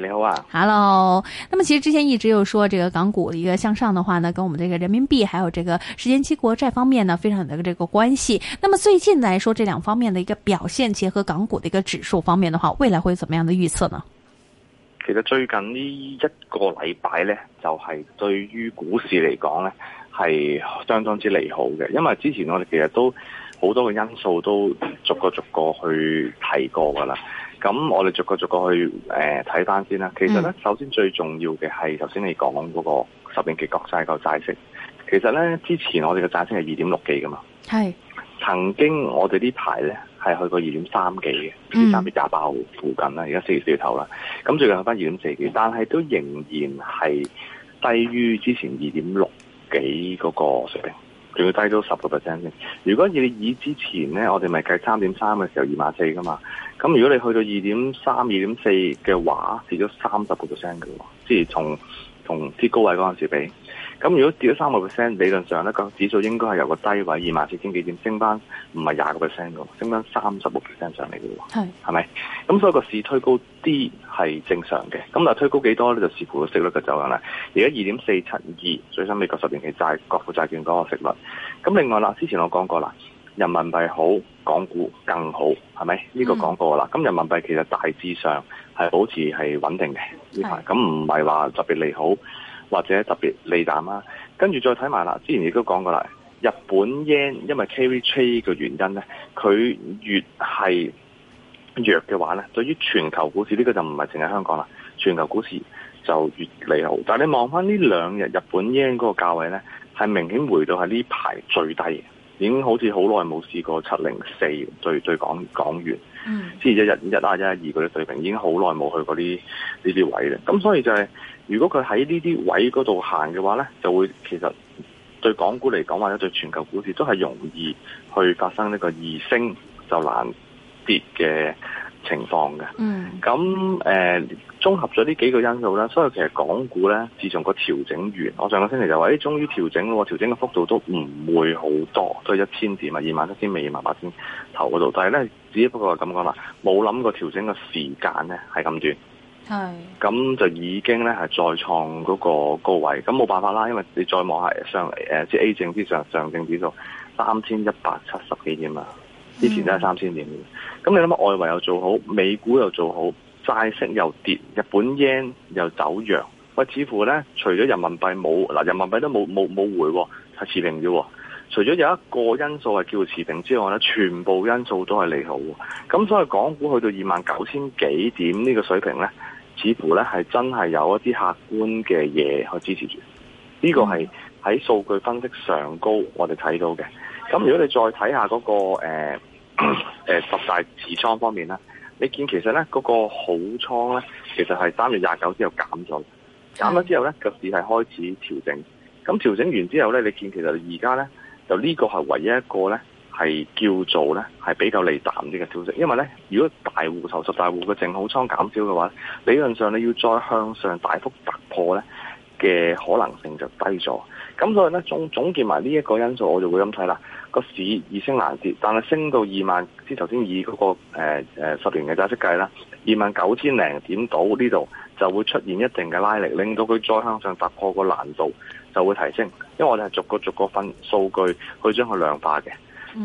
你好啊，Hello。那麼其實之前一直有說，這個港股一個向上的話呢，跟我們這個人民幣還有這個十年期國債方面呢，非常有的這個關係。那麼最近來說，這兩方面的一個表現，結合港股的一個指數方面的話，未來會有怎麼樣的預測呢？其實最近呢一個禮拜呢，就係、是、對於股市嚟講呢，係相當之利好嘅。因為之前我哋其實都好多個因素都逐個逐個去睇過噶啦。咁我哋逐個逐個去誒睇翻先啦。其實咧，首先最重要嘅係，頭、嗯、先你講嗰個十年期國債個債息。其實咧，之前我哋嘅債息係二點六幾嘅嘛。係。曾經我哋呢排咧係去過二點三幾嘅，二點三，三月廿八號附近啦，而家四月四月頭啦。咁最近去翻二點四幾，但係都仍然係低於之前二點六幾嗰個水平。仲要低咗十個 percent 先。如果以你以之前咧，我哋咪計三點三嘅時候二萬四噶嘛。咁如果你去到二點三、二點四嘅話，跌咗三十個 percent 嘅喎，即係從同啲高位嗰陣時候比。咁如果跌咗三個 percent，理論上咧個指數應該係由個低位二萬四千幾點升翻，唔係廿個 percent 嘅，升翻三十六 percent 上嚟嘅喎。係，係咪？咁所以個市推高啲係正常嘅。咁但推高幾多咧就視乎個息率嘅走緊啦。而家二點四七二最新美國十年期債國庫債券嗰個息率。咁另外啦，之前我講過啦，人民幣好，港股更好，係咪？呢、呢個講過啦。咁、嗯、人民幣其實大致上係保持係穩定嘅呢排，咁唔係話特別利好。或者特別利淡啦、啊，跟住再睇埋啦。之前亦都講過啦，日本 yen 因為 carry trade 嘅原因呢，佢越係弱嘅話呢，對於全球股市呢、呢個就唔係淨係香港啦，全球股市就越利好。但係你望翻呢兩日日本 yen 嗰個價位呢，係明顯回到喺呢排最低，已經好似好耐冇試過七零四對對港，港元。 嗯，先一日一啊，一日二嗰啲水平，已經好耐冇去過嗰啲呢啲位咧。咁所以就係、是，如果佢喺呢啲位嗰度行嘅話咧，就會其實對港股嚟講，或者對全球股市都係容易去發生呢個易升就難跌嘅情況嘅。嗯，咁誒。呃綜合咗呢幾個因素呢，所以其實港股咧，自從個調整完，我上個星期就話，誒、哎，終於調整咯，調整嘅幅度都唔會好多，都係一千點嘛、啊，二萬七千未，二萬八千頭嗰度。但係咧，只不過係咁講啦，冇諗過調整嘅時間咧係咁短，係，咁就已經咧係再創嗰個高位。咁冇辦法啦，因為你再望下上誒、呃，即係 A 證之上上證指數三千一百七十幾點啊、嗯、之前都係三千點。咁你諗下，外圍又做好，美股又做好。債息又跌，日本 yen 又走弱，喂，似乎咧除咗人民幣冇嗱，人民幣都冇冇冇回，係持平嘅。除咗有一個因素係叫持平之外咧，全部因素都係利好。咁所以港股去到二萬九千幾點呢個水平咧，似乎咧係真係有一啲客觀嘅嘢去支持住。呢、這個係喺數據分析上高我哋睇到嘅。咁如果你再睇下嗰、那個誒誒、呃、十大持倉方面咧。你見其實咧，嗰、那個好倉咧，其實係三月廿九之後減咗，減咗之後咧，個市係開始調整。咁調整完之後咧，你見其實而家咧，就呢個係唯一一個咧，係叫做咧，係比較利淡啲嘅調整。因為咧，如果大戶頭十大戶嘅淨好倉減少嘅話，理論上你要再向上大幅突破咧嘅可能性就低咗。咁所以咧，總總結埋呢一個因素，我就會咁睇啦。個市易升難跌，但係升到二萬，之頭先以嗰個誒十、呃、年嘅債息計啦，二萬九千零點度呢度就會出現一定嘅拉力，令到佢再向上突破個難度就會提升。因為我哋係逐個逐個分數據去將佢量化嘅。咁、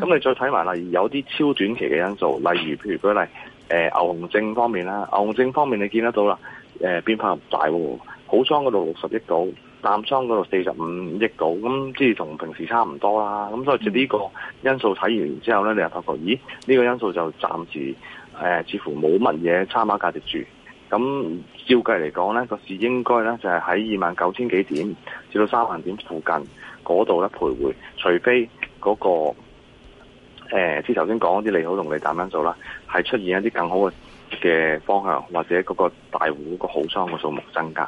嗯、你再睇埋，例如有啲超短期嘅因素，例如譬如舉例、呃、牛熊證方面啦，牛熊證方面你見得到啦，誒變化唔大喎，好倉嗰度六十億度。淡倉嗰度四十五億度，咁即係同平時差唔多啦。咁所以呢個因素睇完之後咧，你又發覺，咦？呢個因素就暫時、呃、似乎冇乜嘢參考價值住。咁照計嚟講咧，個市應該咧就係喺二萬九千幾點至到三萬點附近嗰度咧徘徊，除非嗰個即係頭先講嗰啲利好同利淡因素啦，係出現一啲更好嘅嘅方向，或者嗰個大戶個好倉嘅數目增加。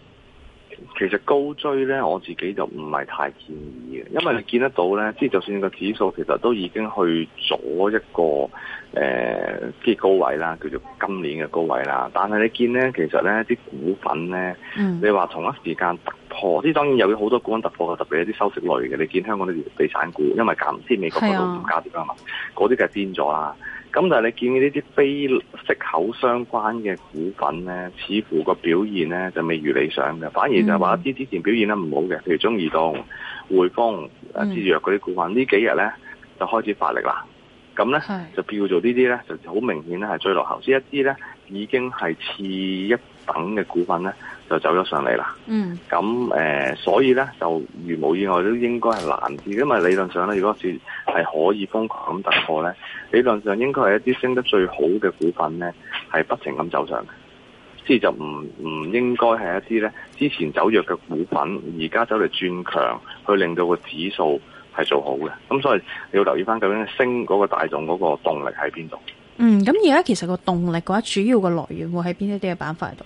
其實高追咧，我自己就唔係太建議嘅，因為你見得到咧，即係就算個指數其實都已經去咗一個誒啲、呃、高位啦，叫做今年嘅高位啦。但係你見咧，其實咧啲股份咧、嗯，你話同一時間突破，即係當然有好多股份突破嘅，特別係啲收息類嘅。你見香港啲地產股，因為減，先美國嗰度唔加跌啊嘛，嗰啲就係癲咗啊！咁但係你見到呢啲非息口相關嘅股份咧，似乎個表現咧就未如理想嘅，反而就係話一啲之前表現得唔好嘅，譬、嗯、如中移動、匯豐、誒資弱嗰啲股份，嗯、幾呢幾日咧就開始發力啦。咁咧就叫做呢啲咧就好明顯咧係追落後，一啲咧已經係次一等嘅股份咧就走咗上嚟啦。嗯。咁、呃、所以咧就如無意外都應該係難治，因為理論上咧如果是係可以瘋狂咁突破咧，理論上應該係一啲升得最好嘅股份咧，係不停咁走上嘅。即係就唔唔應該係一啲咧之前走弱嘅股份，而家走嚟轉強，去令到個指數係做好嘅。咁所以你要留意返究竟升嗰個大眾嗰個動力喺邊度？嗯，咁而家其實個動力嘅話，主要嘅來源會喺邊一啲嘅板塊度？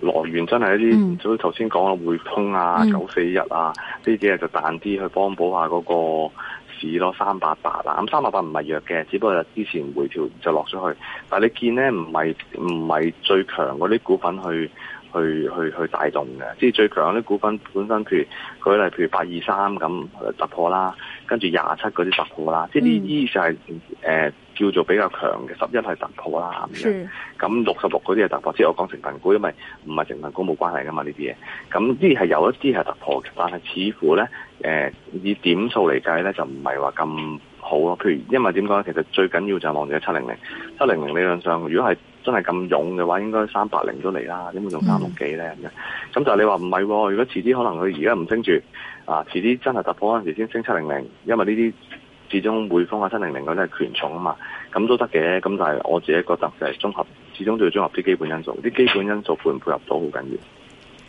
來源真係一啲，即係頭先講嘅匯通啊，九四一啊，呢啲日就彈啲去幫補下嗰，嗰個。指咯三百八啦，咁三百八唔係弱嘅，只不過之前回調就落咗去，但係你見咧，唔係唔係最強嗰啲股份去。去去去帶動嘅，即係最強啲股份本身，譬如佢例如八二三咁突破啦，跟住廿七嗰啲突破啦，嗯、即係呢啲就係、是、誒、呃、叫做比較強嘅，十一係突破啦，咁六十六嗰啲係突破，即係我講成分股，因為唔係成分股冇關係噶嘛呢啲嘢，咁呢係有一啲係突破嘅，但係似乎咧，誒、呃、以點數嚟計咧就唔係話咁。好咯，譬如，因為點講咧？其實最緊要就係望住七零零，七零零理論上，如果係真係咁勇嘅話，應該三百零都嚟啦，點解用三六幾咧？咁、嗯、就係你話唔係，如果遲啲可能佢而家唔升住，啊，遲啲真係突破嗰陣時先升七零零，因為呢啲始終匯豐啊七零零嗰啲權重啊嘛，咁都得嘅。咁但係我自己覺得就係綜合，始終都要綜合啲基本因素，啲基本因素配唔配合到好緊要。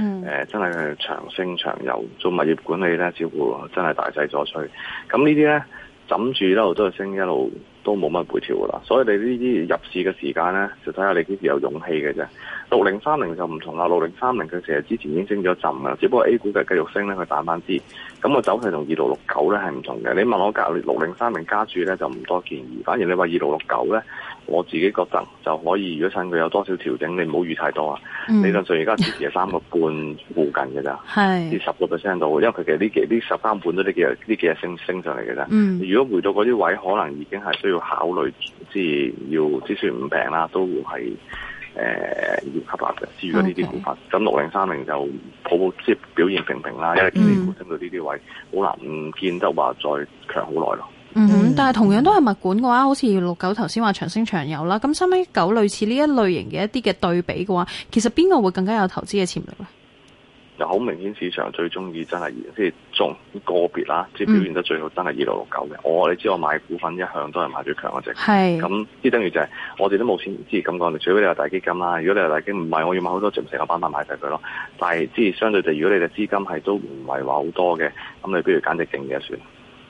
嗯，誒、呃，真係長升長有，做物業管理咧，似乎真係大勢所趨。咁呢啲咧，枕住一路都係升，一路都冇乜回調噶啦。所以你呢啲入市嘅時間咧，就睇下你幾時有勇氣嘅啫。六零三零就唔同啦，六零三零佢其實之前已經升咗浸啦，只不過 A 股嘅繼續升咧，佢彈翻啲。咁個走勢同二六六九咧係唔同嘅。你問我隔六零三零加住咧就唔多建議，反而你話二六六九咧。我自己覺得就可以，如果趁佢有多少調整，你唔好預太多啊、嗯！你睇上而家支持三個半附近嘅咋，跌十個 percent 度，因為佢其實呢幾呢十三半都呢幾日呢幾日升升上嚟嘅咋。如果回到嗰啲位，可能已經係需要考慮，即係要就算唔平啦，都會係誒、呃、要吸納嘅。至於呢啲股份，咁六零三零就普普即係表現平平啦，因為佢冇升到呢啲位，好、嗯、難唔見得話再強好耐咯。嗯，嗯，但係同樣都係物管嘅話，好似二六九頭先話長升長有啦，咁收尾九類似呢一類型嘅一啲嘅對比嘅話，其實邊個會更加有投資嘅潛力咧？又、嗯、好明顯市場最中意真係即係中個別啦，即係表現得最好，真係二六六九嘅。我你知道我買股份一向都係買最強嘅隻，咁即等於就係、是、我哋都冇錢，支持。咁講，除非你話大基金啦，如果你話大基金唔係，我要買好多，即成個板塊買晒佢咯。但係即係相對地，如果你嘅資金係都唔係話好多嘅，咁你不如揀隻勁嘅算。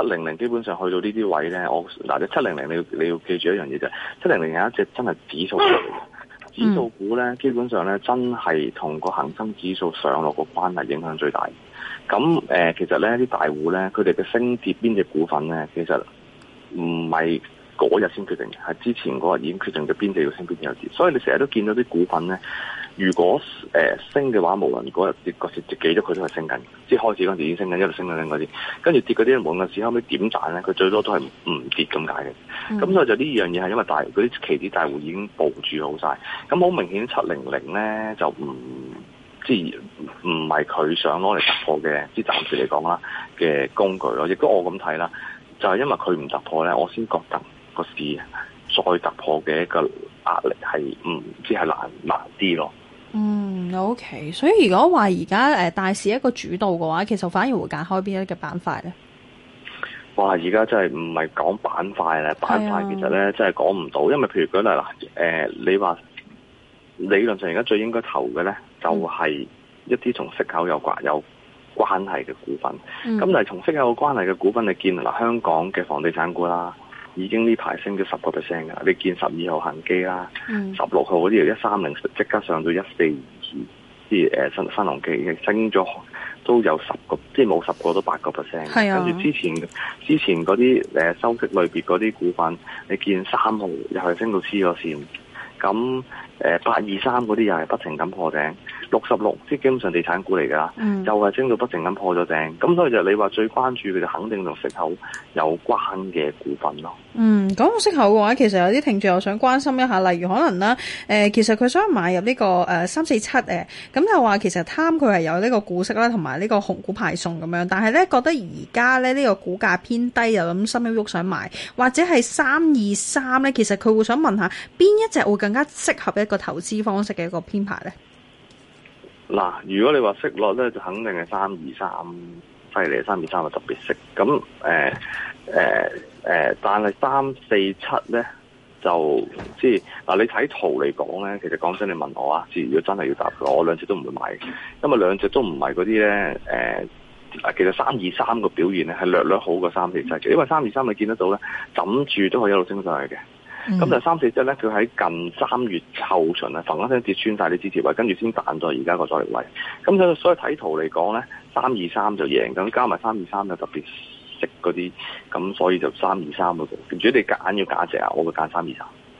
七零零基本上去到呢啲位呢，我嗱，你七零零你要你要記住一樣嘢就係七零零有一隻真係指數股嚟嘅，嗯，指數股呢，基本上呢真係同個恒生指數上落個關係影響最大。咁誒、呃，其實呢啲大戶呢，佢哋嘅升跌邊隻股份呢，其實唔係嗰日先決定嘅，係之前嗰日已經決定咗邊隻要升邊隻要跌，所以你成日都見到啲股份呢。如果誒升嘅話，無論嗰日跌個跌幾多，佢都係升緊。即係開始嗰陣時已經升緊，一路升緊嗰啲。跟住跌嗰啲冇咁少，後尾點彈咧？佢最多都係唔跌咁解嘅。咁所以就呢樣嘢係因為大啲期指大戶已經保住好晒。咁好明顯700呢，七零零咧就唔即係唔係佢想攞嚟突破嘅，即係暫時嚟講啦嘅工具咯。亦都我咁睇啦，就係、是、因為佢唔突破咧，我先覺得個市再突破嘅一個壓力係唔知係難難啲咯。O、okay, K，所以如果話而家誒大市一個主導嘅話，其實反而會揀開邊一個嘅板塊咧？哇！而家真係唔係講板塊咧，板塊其實咧、啊、真係講唔到，因為譬如舉例啦，誒、呃、你話理論上而家最應該投嘅呢，就係一啲同息口有關有關係嘅股份。咁但係同息口有關係嘅股份，你見嗱香港嘅房地產股啦，已經呢排升咗十個 percent 噶你見十二號恒基啦，十六號嗰啲由一三零即刻上到一四，即係誒，新新龍記升咗都有十個，即係冇十個都八個 percent。係啊，跟住之前之前嗰啲誒，收息類別嗰啲股份，你見三號又係升到黐咗線，咁誒八二三嗰啲又係不停咁破頂。六十六，即係基本上地產股嚟噶啦，又係升到不停咁破咗頂。咁所以就你話最關注嘅就肯定同息口有關嘅股份咯。嗯，講到息口嘅話，其實有啲聽住又想關心一下，例如可能啦，誒、呃，其實佢想買入呢、這個誒三四七誒，咁又話其實貪佢係有呢個股息啦，同埋呢個紅股派送咁樣，但係咧覺得而家咧呢、這個股價偏低，又咁心喐喐想買，或者係三二三咧，其實佢會想問下邊一隻會更加適合一個投資方式嘅一個編排咧？嗱，如果你話息落咧，就肯定係三二三犀利，三二三就特別息。咁誒誒誒，但係三四七咧就即係嗱，你睇圖嚟講咧，其實講真，你問我啊，如果真係要答我，兩隻都唔會買，因為兩隻都唔係嗰啲咧誒，其實三二三個表現咧係略略好過三四七嘅，因為三二三你見得到咧，枕住都可以一路升上去嘅。咁就三四之呢，咧，佢喺近三月後旬啊，砰砰聲先跌穿晒啲支持位，跟住先彈咗而家個阻力位。咁所以所以睇圖嚟講咧，三二三就贏，咁加埋三二三就特別食嗰啲，咁所以就三二三嗰個。3, 如果你揀要揀隻啊，我會揀三二三。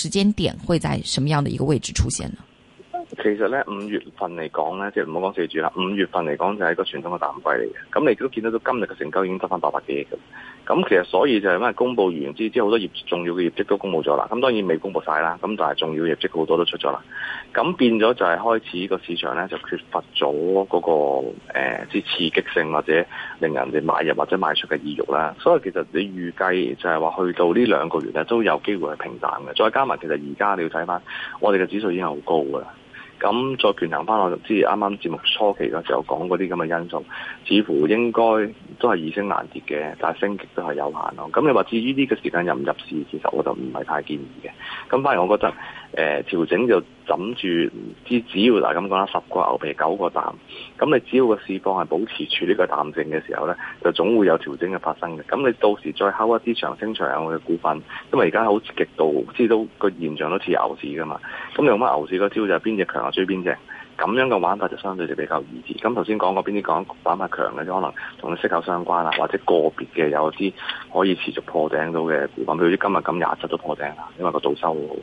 時間點會在什麼樣的一個位置出現呢？其實咧，五月份嚟講咧，即係唔好講四月啦，五月份嚟講就係、是、一個傳統嘅淡季嚟嘅，咁你都見得到今日嘅成交已經得翻八百幾億咁。咁其實所以就係因為公佈完之之後，好多業重要嘅業績都公佈咗啦。咁當然未公佈曬啦。咁但係重要業績好多都出咗啦。咁變咗就係開始個市場咧就缺乏咗嗰、嗰個誒之、呃、刺激性或者令人哋買入或者賣出嘅意欲啦。所以其實你預計就係話去到呢兩個月咧都有機會係平淡嘅。再加埋其實而家你要睇翻我哋嘅指數已經係好高㗎啦。咁再權衡翻落，之前啱啱節目初期嗰時候講嗰啲咁嘅因素，似乎應該都係易升難跌嘅，但係升極都係有限咯。咁你話至於呢個時間入唔入市，其實我就唔係太建議嘅。咁反而我覺得。誒調整就枕住，之只要嗱咁講啦，十個牛皮九個淡，咁你只要個市況係保持住呢個淡靜嘅時候咧，就總會有調整嘅發生嘅。咁你到時再拋一啲長升長嘅股份，因為而家好極度，知道個現象都似牛市噶嘛。咁你有乜牛市嗰招就係邊隻強就追邊隻，咁樣嘅玩法就相對就比較易啲。咁頭先講過邊啲股玩法強嘅，即可能同你息口相關啦，或者個別嘅有啲可以持續破頂到嘅股份。譬如啲今日咁廿七都破頂啦，因為個倒收。好。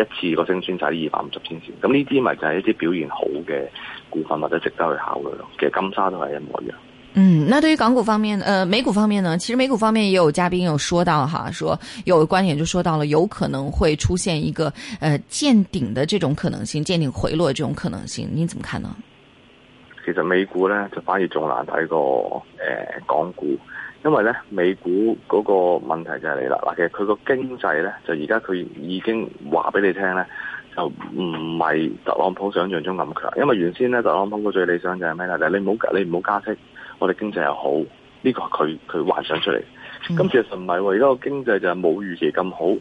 一次個升穿晒啲二百五十天線，咁呢啲咪就係一啲表現好嘅股份或者值得去考慮咯。其實金沙都係一模一樣。嗯，那對於港股方面，誒、呃，美股方面呢？其實美股方面也有嘉賓有說到，哈，說有個觀點就說到了有可能會出現一個誒、呃、見頂的這種可能性，見頂回落的這種可能性，您怎麼看呢？其實美股呢，就反而仲難睇過誒、呃、港股。因為咧，美股嗰個問題就係你啦。嗱，其實佢個經濟咧，就而家佢已經話俾你聽咧，就唔係特朗普想像中咁強。因為原先咧，特朗普個最理想就係咩咧？嗱、就係，你唔好你唔好加息，我哋經濟又好。呢、呢個係佢佢幻想出嚟。咁、嗯、其實唔係喎，而家個經濟就係冇預期咁好。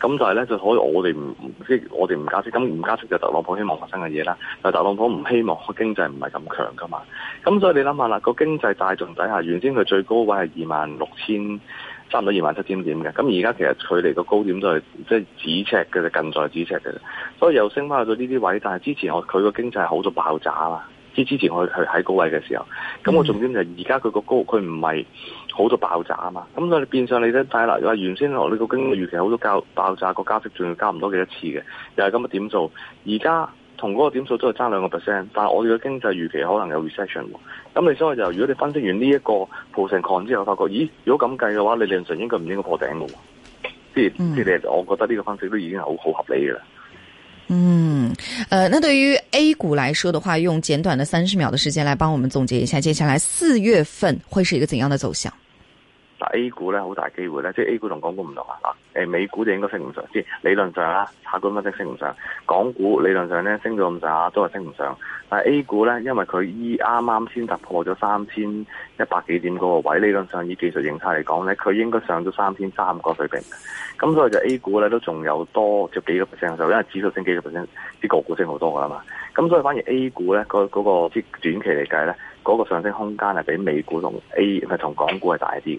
咁就係咧，就可以我哋唔即係我哋唔加息，咁唔加息就特朗普希望發生嘅嘢啦。但特朗普唔希望經濟唔係咁強噶嘛。咁所以你諗下啦，個經濟大眾底下原先佢最高位係二萬六千，差唔多二萬七千點嘅。咁而家其實距離個高點都係即係咫尺嘅，就近在咫尺嘅。所以又升翻去到呢啲位，但係之前我佢個經濟好咗爆炸啦。之之前我佢喺高位嘅時候，咁我重點就係而家佢個高佢唔係。好多爆炸啊嘛，咁所以變相你都睇啦，話原先我呢個經濟預期好多爆炸個加息仲要加唔多幾多次嘅，又係咁嘅點數，而家同嗰個點數都係差兩個 percent，但係我哋嘅經濟預期可能有 recession 喎。咁你所謂就是，如果你分析完呢、這、一個 p 成 l o n 之後，發覺咦，如果咁計嘅話，你理論上應該唔應該破頂嘅喎？即係即係我覺得呢個分析都已經係好好合理嘅啦。嗯，誒、呃，那對於 A 股來說嘅話，用簡短嘅三十秒嘅時間嚟幫我們總結一下，接下來四月份會是一個怎樣嘅走向？但 A 股咧好大機會咧，即係 A 股同港股唔同啊！美股就應該升唔上，即係理論上啦，下個分析升唔上；港股理論上咧升咗咁上下都係升唔上。但 A 股咧，因為佢依啱啱先突破咗三千一百幾點嗰個位，理論上以技術形態嚟講咧，佢應該上咗三千三個水平。咁所以就 A 股咧都仲有多就幾個 percent 嘅時候，因為指數升幾個 percent，啲個股升好多噶啦嘛。咁所以反而 A 股咧嗰嗰個短、那個、期嚟計咧，嗰、那個上升空間係比美股同 A 唔係同港股係大啲。